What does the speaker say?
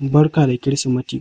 Barka da Kirsimeti!